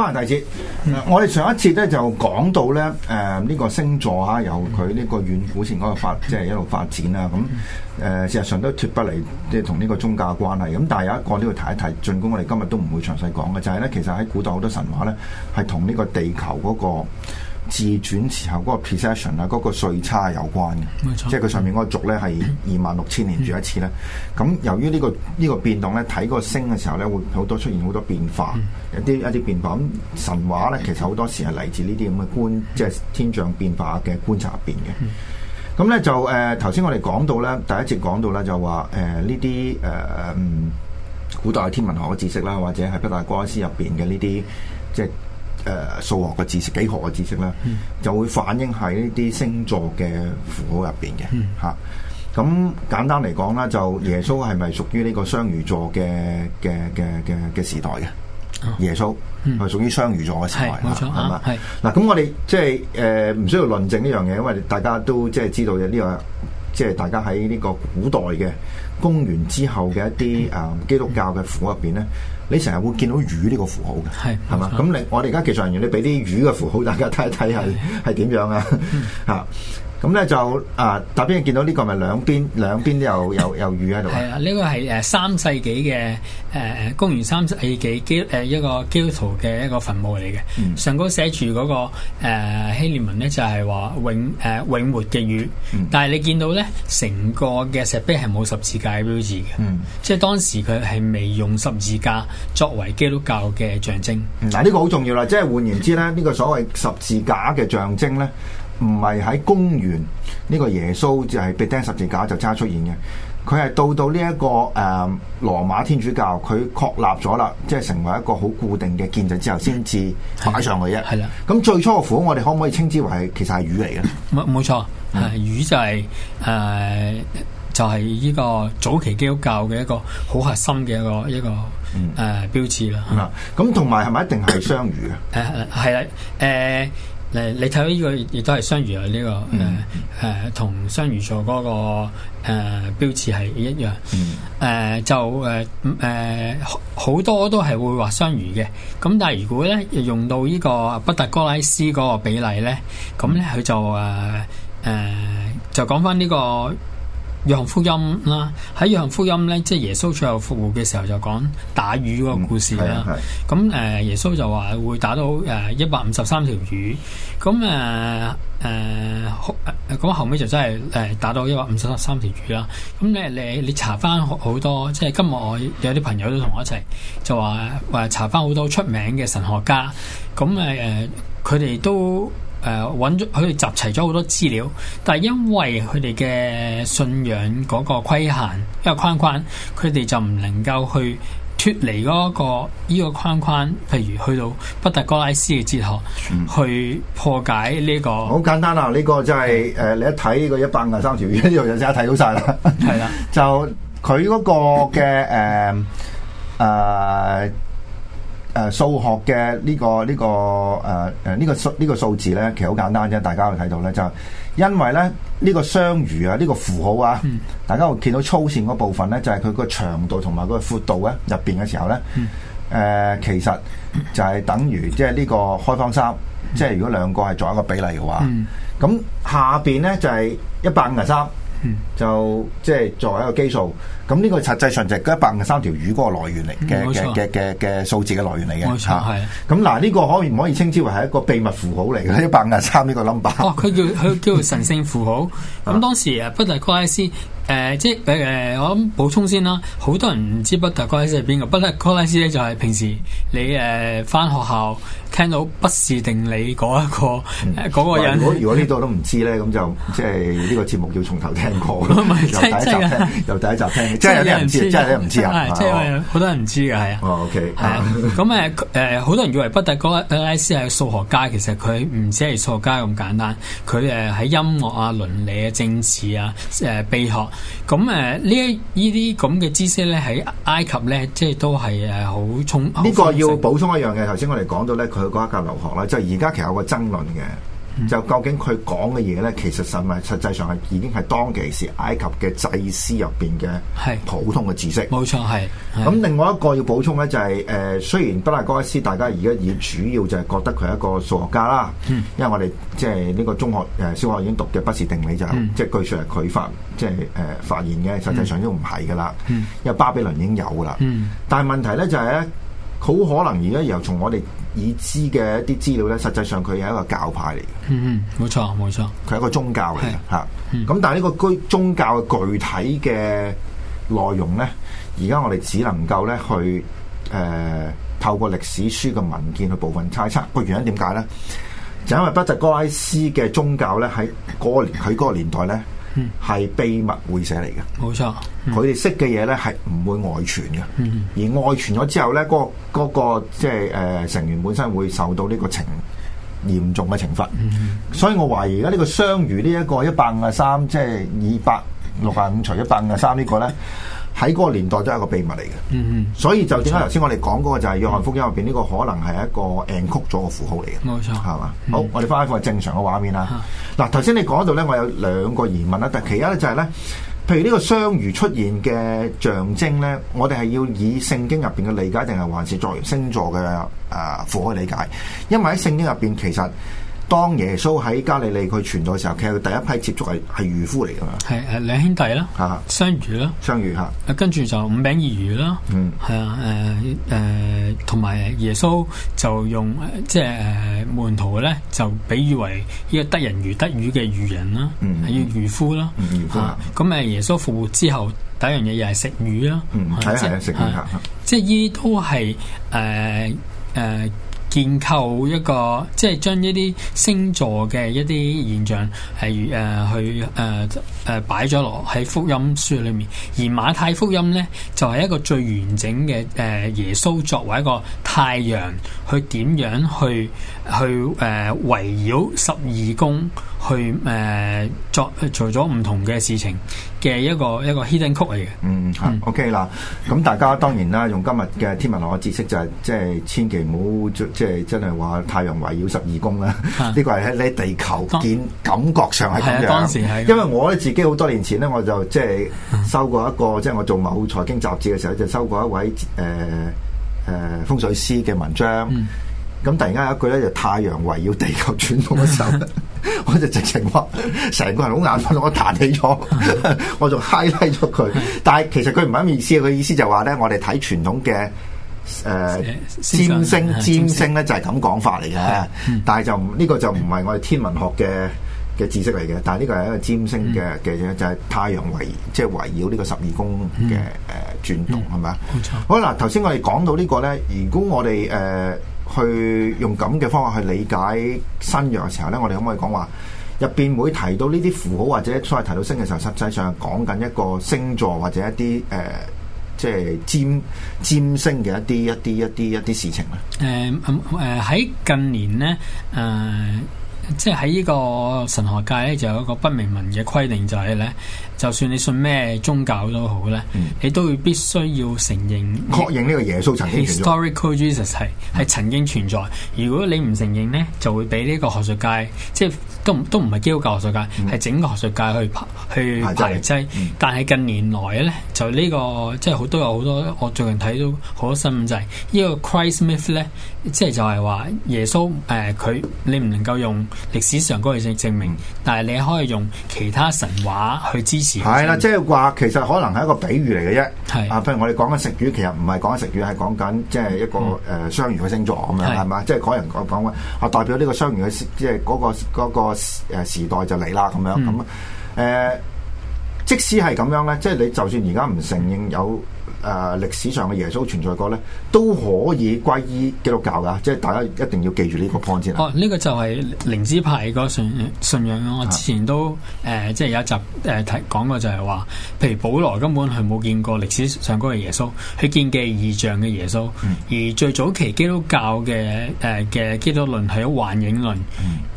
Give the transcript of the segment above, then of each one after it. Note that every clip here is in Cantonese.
今日第我哋上一次咧就講到咧，誒、呃、呢、這個星座啊，由佢呢個遠古前嗰個發，即係、就是、一路發展啊。咁誒、呃、事實上都脫不離即係同呢個宗教關係。咁但係有一個都要提一提，儘管，我哋今日都唔會詳細講嘅，就係、是、咧其實喺古代好多神話咧係同呢個地球嗰、那個。自轉時候嗰個 precession 啊，嗰個歲差有關嘅，冇錯，即係佢上面嗰個軸咧係二萬六千年轉一次咧。咁、嗯、由於呢、呢個呢、呢個變動咧，睇個星嘅時候咧，會好多出現好多變化，嗯、一啲一啲變化。咁神話咧，其實好多時係嚟自呢啲咁嘅觀，嗯、即係天象變化嘅觀察入邊嘅。咁咧、嗯、就誒頭先我哋講到咧，第一節講到咧就話誒呢啲誒嗯古代天文學嘅知識啦，或者係不列顛斯入邊嘅呢啲即係。誒，數、呃、學嘅知識、幾何嘅知識咧，嗯、就會反映喺呢啲星座嘅符號入邊嘅吓。咁、嗯啊、簡單嚟講啦，就耶穌係咪屬於呢個雙魚座嘅嘅嘅嘅嘅時代嘅？哦、耶穌係屬於雙魚座嘅時代啦。係咪？嗱，咁、啊、我哋即係誒，唔、呃、需要論證呢樣嘢，因為大家都即係知道嘅呢個，即係大家喺呢個古代嘅。公元之後嘅一啲誒、呃、基督教嘅符入邊咧，你成日會見到魚呢個符號嘅，係嘛？咁你我哋而家技術人員，你俾啲魚嘅符號，大家睇一睇係係點樣啊？嚇！ 咁咧、嗯、就啊，大兵，你見到呢個咪兩邊兩邊都有有有魚喺度啊？啊，呢個係誒三世紀嘅誒誒公元三世紀基誒一個基督徒嘅一個墳墓嚟嘅。嗯、上高寫住嗰、那個、呃、希臘文咧，就係、是、話永誒、呃、永活嘅魚。嗯、但係你見到咧，成個嘅石碑係冇十字架標誌嘅。嗯，即係當時佢係未用十字架作為基督教嘅象徵。嗱、嗯，呢、嗯、個好重要啦。即係換言之咧，呢、這個所謂十字架嘅象徵咧。呢嗯嗯嗯嗯唔係喺公元呢、呢個耶穌就係被釘十字架就差出現嘅，佢係到到呢一個誒羅、呃、馬天主教佢確立咗啦，即係成為一個好固定嘅建制之後，先至擺上去。啫。係啦，咁最初嘅符號我哋可唔可以稱之為係其實係魚嚟嘅？冇冇錯，係、啊、魚就係、是、誒、啊、就係、是、呢個早期基督教嘅一個好核心嘅一個一個誒、啊、標誌啦。咁同埋係咪一定係雙魚啊？係係啦，誒、啊。嗯誒，你睇到呢個亦都係雙魚啊！呢、這個誒誒，同、嗯呃、雙魚座嗰、那個誒、呃、標誌係一樣。誒、嗯呃、就誒誒，好、呃呃、多都係會話雙魚嘅。咁但係如果咧，用到呢、這個畢達哥拉斯嗰個比例咧，咁咧佢就誒誒、呃呃，就講返呢個。約翰福音啦，喺約翰福音咧，即係耶穌最後復活嘅時候就講打魚嗰個故事啦。咁誒、嗯，啊啊、耶穌就話會打到誒一百五十三條魚。咁誒誒，咁、嗯嗯、後尾就真係誒打到一百五十三條魚啦。咁、嗯、咧，你你查翻好多，即係今日我有啲朋友都同我一齊，就話話查翻好多出名嘅神學家，咁誒誒，佢、嗯、哋都。誒，搵咗佢哋集齊咗好多資料，但係因為佢哋嘅信仰嗰個規限一個框框，佢哋就唔能夠去脫離嗰個呢個框框，譬如去到畢達哥拉斯嘅哲學、嗯、去破解呢個。好簡單啊！呢個真係誒，你一睇個一百五十三條，呢 樣 就即刻睇到晒啦。係啦，就佢嗰個嘅誒啊。呃誒，數、呃、學嘅呢、這個呢、這個誒誒呢個數呢、這個數字咧，其實好簡單啫。大家會睇到咧，就是、因為咧呢、這個雙魚啊，呢、這個符號啊，嗯、大家會見到粗線嗰部分咧，就係佢個長度同埋個闊度咧入邊嘅時候咧，誒、嗯呃，其實就係等於即係呢個開方三、嗯，即係如果兩個係作為一個比例嘅話，咁、嗯、下邊咧就係一百五十三，就即係作為一個基數。咁呢個實際上就係一百五十三條魚嗰個來源嚟嘅嘅嘅嘅嘅數字嘅來源嚟嘅，冇錯。係。咁嗱，呢個可唔可以稱之為係一個秘密符號嚟嘅？一百五十三呢個 number。哦，佢叫佢叫神性符號。咁當時啊，畢達哥拉斯誒，即係誒，我諗補充先啦。好多人唔知畢達哥拉斯係邊個。畢達哥拉斯咧就係平時你誒返學校聽到畢氏定理嗰一個嗰個人。如果呢個都唔知咧，咁就即係呢個節目要從頭聽過，由第一集由第一集聽。即係有啲人知，即係唔知啊！即係好多人唔知嘅，係啊。 哦，OK，係啊。咁誒誒，好多人以為畢達哥畢達哥拉斯係數學家，其實佢唔止係數學家咁簡單。佢誒喺音樂啊、倫理啊、政治啊、誒、呃、秘學。咁誒、呃、呢一呢啲咁嘅知識咧，喺埃及咧，即係都係誒好重。呢個要補充一樣嘅，頭先我哋講到咧，佢嗰一刻留學啦，就而、係、家其實有個爭論嘅。就究竟佢講嘅嘢咧，其實係咪實際上係已經係當其時埃及嘅祭司入邊嘅普通嘅知識？冇錯，係。咁、嗯、另外一個要補充咧，就係、是、誒、呃，雖然畢達哥拉斯大家而家已主要就係覺得佢係一個數學家啦，嗯、因為我哋即係呢個中學誒、呃、小學已經讀嘅不等定理就、嗯、即係據説係佢發即係誒發現嘅，實際上都唔係㗎啦。嗯、因為巴比倫已經有㗎啦，嗯、但係問題咧就係、是、咧，好可能而家由從我哋。已知嘅一啲資料咧，實際上佢係一個教派嚟嘅、嗯。嗯嗯，冇錯冇錯，佢係一個宗教嚟嘅嚇。咁是、嗯、但係呢個居宗教嘅具體嘅內容咧，而家我哋只能夠咧去誒、呃、透過歷史書嘅文件去部分猜測。個原因點解咧？就因為畢達哥拉斯嘅宗教咧，喺嗰個佢嗰個年代咧。係秘密會社嚟嘅，冇錯錯。佢哋識嘅嘢咧係唔會外傳嘅，嗯、而外傳咗之後咧，嗰、那、嗰個即係誒成員本身會受到呢個懲嚴重嘅懲罰。嗯嗯、所以我懷疑而家呢個雙魚呢一個一百五十三，即係二百六十五除一百五十三呢個咧。喺嗰個年代都係一個秘密嚟嘅，嗯嗯、所以就點解頭先我哋講嗰個就係約翰福音入邊呢個可能係一個硬曲咗嘅符號嚟嘅，冇錯，係嘛？好，嗯、我哋翻返去正常嘅畫面啦。嗱、嗯，頭先你講到咧，我有兩個疑問啦，但係其一咧就係、是、咧，譬如呢個雙魚出現嘅象徵咧，我哋係要以聖經入邊嘅理解，定係還是作為星座嘅誒、呃、符號理解？因為喺聖經入邊其實。當耶穌喺加利利佢傳道嘅時候，其實佢第一批接觸係係漁夫嚟噶嘛？係係兩兄弟啦，吓雙魚啦，雙魚吓、啊。跟住就五餅二魚啦、啊，嗯，係啊，誒、啊、誒，同埋耶穌就用即係、呃、門徒咧，就比喻為呢個得人如得魚嘅漁人啦、啊，嗯，係要漁夫啦、啊，漁、嗯、夫、啊。咁誒、啊，耶穌復活之後，第一樣嘢又係食魚啦、啊嗯，嗯，係食魚吓，即係呢都係誒誒。建構一個，即係將一啲星座嘅一啲現象係誒、啊、去誒誒擺咗落喺福音書裏面，而馬太福音咧就係、是、一個最完整嘅誒耶穌作為一個太陽去點樣去。去誒、呃、圍繞十二宮去誒作、呃、做咗唔同嘅事情嘅一個一個 hidden 曲嚟嘅。Okay 嗯，OK 啦。咁大家當然啦，用今日嘅天文學嘅知識就係即係千祈唔好即係真係話太陽圍繞十二宮啦。呢個係喺你地球見感覺上係咁樣。當時係。因為我咧自己好多年前咧，我就即係收過一個，即係、嗯、我做某財經雜誌嘅時候，就收過一位誒誒、呃、風水師嘅文章。嗯。咁突然間有一句咧，就太陽圍繞地球轉動嘅時候， 我就直情話，成個人好眼瞓。我彈起咗， 我仲嗨低咗佢。但係其實佢唔係咁意思，佢意思就話咧，我哋睇傳統嘅誒占星，占星咧星星就係咁講法嚟嘅。是但係就呢、這個就唔係我哋天文學嘅嘅知識嚟嘅，但係呢個係一個占星嘅嘅嘢，就係太陽圍即係圍繞呢個十二宮嘅誒轉動係咪啊？冇錯。好啦，頭先我哋講到呢、這個咧，如果我哋誒。去用咁嘅方法去理解新約嘅時候呢，我哋可唔可以講話入邊會提到呢啲符號或者所謂提到星嘅時候，實際上講緊一個星座或者一啲誒、呃，即係占星嘅一啲一啲一啲一啲事情咧？誒喺、呃呃、近年呢。誒、呃。即係喺呢個神學界咧，就有一個不明文嘅規定，就係咧，就算你信咩宗教都好咧，嗯、你都會必須要承認確認呢個耶穌曾經存在。Historical Jesus 係係曾經存在。是如果你唔承認咧，就會俾呢個學術界，即係都都唔係基督教學術界，係、嗯、整個學術界去去排擠是是。但係近年來咧，就呢、呢個即係好多有好多，我最近睇到好多新聞就係、是、呢個 Christ myth 咧，即係就係話耶穌誒佢你唔能夠用。歷史上可以證證明，但係你可以用其他神話去支持。係啦，即係話其實可能係一個比喻嚟嘅啫。係的啊，譬如我哋講緊食魚，其實唔係講緊食魚，係講緊即係一個誒雙、嗯呃、魚嘅星座咁樣，係嘛的的？即係嗰人講緊，我、啊、代表呢個雙魚嘅，即係嗰、那個嗰、那個誒時代就嚟啦，咁樣咁。誒、嗯呃，即使係咁樣咧，即係你就算而家唔承認有。誒，歷史上嘅耶穌存在過咧，都可以歸於基督教噶，即係大家一定要記住呢個 point 先哦，呢、這個就係靈知派個信信仰。我之前都誒、呃，即係有一集誒、呃，提講過就係話，譬如保羅根本係冇見過歷史上嗰個耶穌，佢見嘅異象嘅耶穌，而最早期基督教嘅誒嘅基督論係一個幻影論。誒、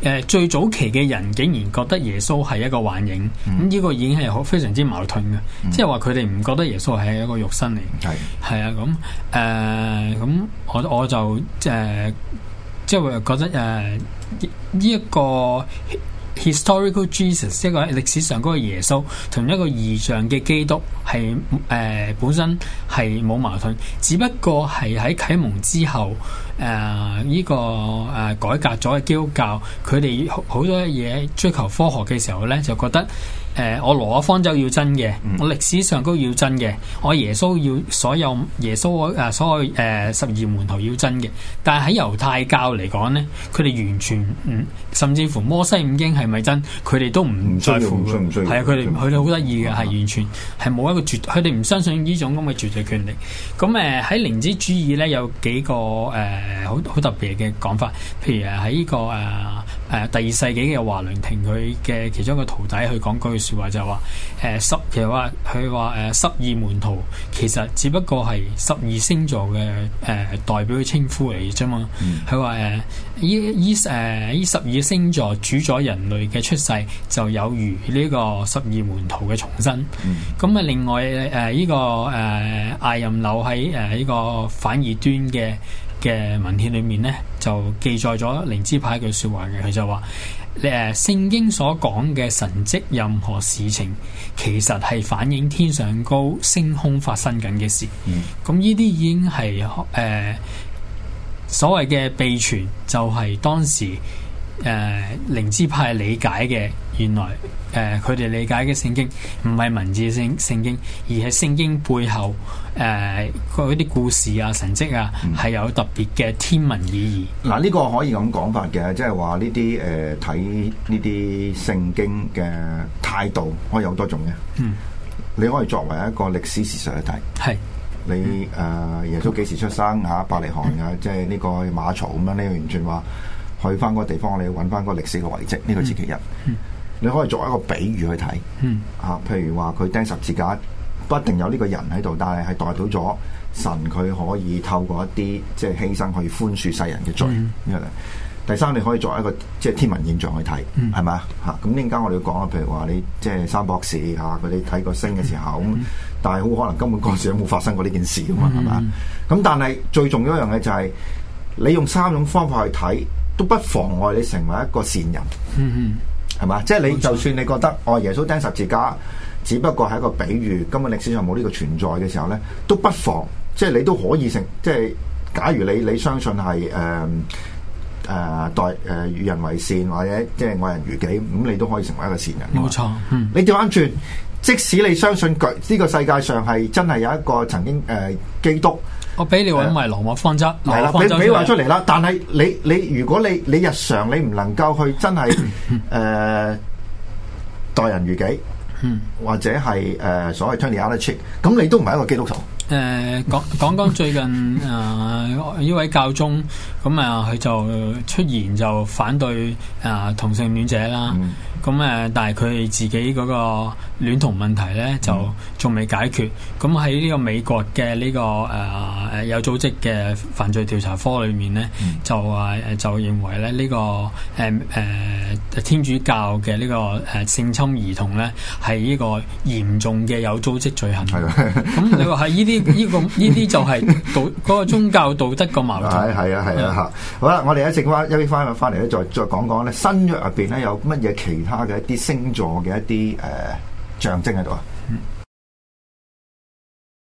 呃，最早期嘅人竟然覺得耶穌係一個幻影，咁呢、嗯、個已經係好非常之矛盾嘅，即係話佢哋唔覺得耶穌係一個肉身。係，係啊，咁， 誒，咁、嗯呃嗯、我我就，誒、呃，即係覺得，誒、呃，呢、這、一個 historical Jesus，呢個歷史上嗰個耶穌，同一個異象嘅基督係，誒、呃，本身係冇矛盾，只不過係喺啟蒙之後，誒、呃，呢、這個誒改革咗嘅基督教，佢哋好多嘢追求科學嘅時候咧，就覺得。誒、呃，我羅我方舟要真嘅，我歷史上都要真嘅，我耶穌要所有耶穌誒、啊、所有誒、呃、十二門徒要真嘅。但係喺猶太教嚟講咧，佢哋完全唔、嗯，甚至乎摩西五經係咪真，佢哋都唔在乎。唔信係啊，佢哋佢哋好得意嘅，係完全係冇一個絕，佢哋唔相信呢種咁嘅絕對權力。咁誒喺靈知主義咧，有幾個誒好好特別嘅講法，譬如喺呢、這個誒。呃誒、啊、第二世紀嘅華倫廷，佢嘅其中一個徒弟，去講句説話就係話，誒、呃、十其實話佢話誒十二門徒其實只不過係十二星座嘅誒、呃、代表嘅稱呼嚟啫嘛。佢話誒依依誒呢十二星座主宰人類嘅出世，就有如呢個十二門徒嘅重生。咁啊、嗯，嗯、另外誒依、呃這個誒、呃、艾任樓喺誒呢個反異端嘅。嘅文獻裏面呢，就記載咗靈知派句説話嘅，佢就話：誒聖經所講嘅神蹟，任何事情，其實係反映天上高星空發生緊嘅事。咁呢啲已經係誒、呃、所謂嘅秘傳，就係當時誒靈知派理解嘅。原來誒佢哋理解嘅聖經唔係文字聖聖經，而係聖經背後誒嗰啲故事啊、神蹟啊，係、嗯、有特別嘅天文意義。嗱、啊，呢、這個可以咁講法嘅，即係話呢啲誒睇呢啲聖經嘅態度，可以有多種嘅。嗯，你可以作為一個歷史事實去睇。係是你誒、呃嗯、耶穌幾時出生啊？伯利恆啊？即係呢個馬槽咁樣，你完全話去翻嗰個地方，你揾翻嗰個歷史嘅遺跡。呢、這個星期日。嗯嗯你可以作一個比喻去睇，嚇、啊，譬如話佢釘十字架，不一定有呢個人喺度，但係係代表咗神佢可以透過一啲即係犧牲去寬恕世人嘅罪。嗯、第三，你可以作一個即係天文現象去睇，係咪、嗯、啊？嚇，咁呢陣間我哋要講啊，譬如話你即係三博士嚇，佢哋睇個星嘅時候，咁、嗯、但係好可能根本嗰時都冇發生過呢件事㗎嘛，係咪？咁但係最重要一樣嘢就係、是、你用三種方法去睇，都不妨礙你成為一個善人。嗯嗯係嘛？ 即係你錯就算你覺得哦，耶穌釘十字架只不過係一個比喻，根本歷史上冇呢個存在嘅時候咧，都不妨，即係你都可以成，即係假如你你相信係誒誒待誒與、呃、人為善或者即係愛人如己，咁、嗯、你都可以成為一個善人。冇錯錯，你調翻轉，嗯、即使你相信佢呢個世界上係真係有一個曾經誒、呃、基督。我俾你位，因為冷漠方則。係啦，你俾話出嚟啦。但係你你，如果你你日常你唔能夠去真係誒待人如己，或者係誒、呃、所謂 turn the other cheek，咁你都唔係一個基督徒。誒、呃，講講講最近誒呢、呃、位教宗，咁啊佢就出言就反對啊、呃、同性戀者啦。咁、嗯、誒、嗯嗯，但係佢自己嗰個戀童問題咧就仲未解決，咁喺呢個美國嘅呢、這個誒誒、呃、有組織嘅犯罪調查科裏面咧，嗯、就話就認為咧、這、呢個誒誒、呃、天主教嘅呢個誒性侵兒童咧，係呢個嚴重嘅有組織罪行。咁吧你話係呢啲呢個呢啲 就係道嗰個宗教道德個矛盾。係啊係啊嚇、啊啊啊！好啦，我哋一食翻一啲翻翻嚟咧，再再講講咧新約入邊咧有乜嘢其他嘅一啲星座嘅一啲誒象徵喺度啊？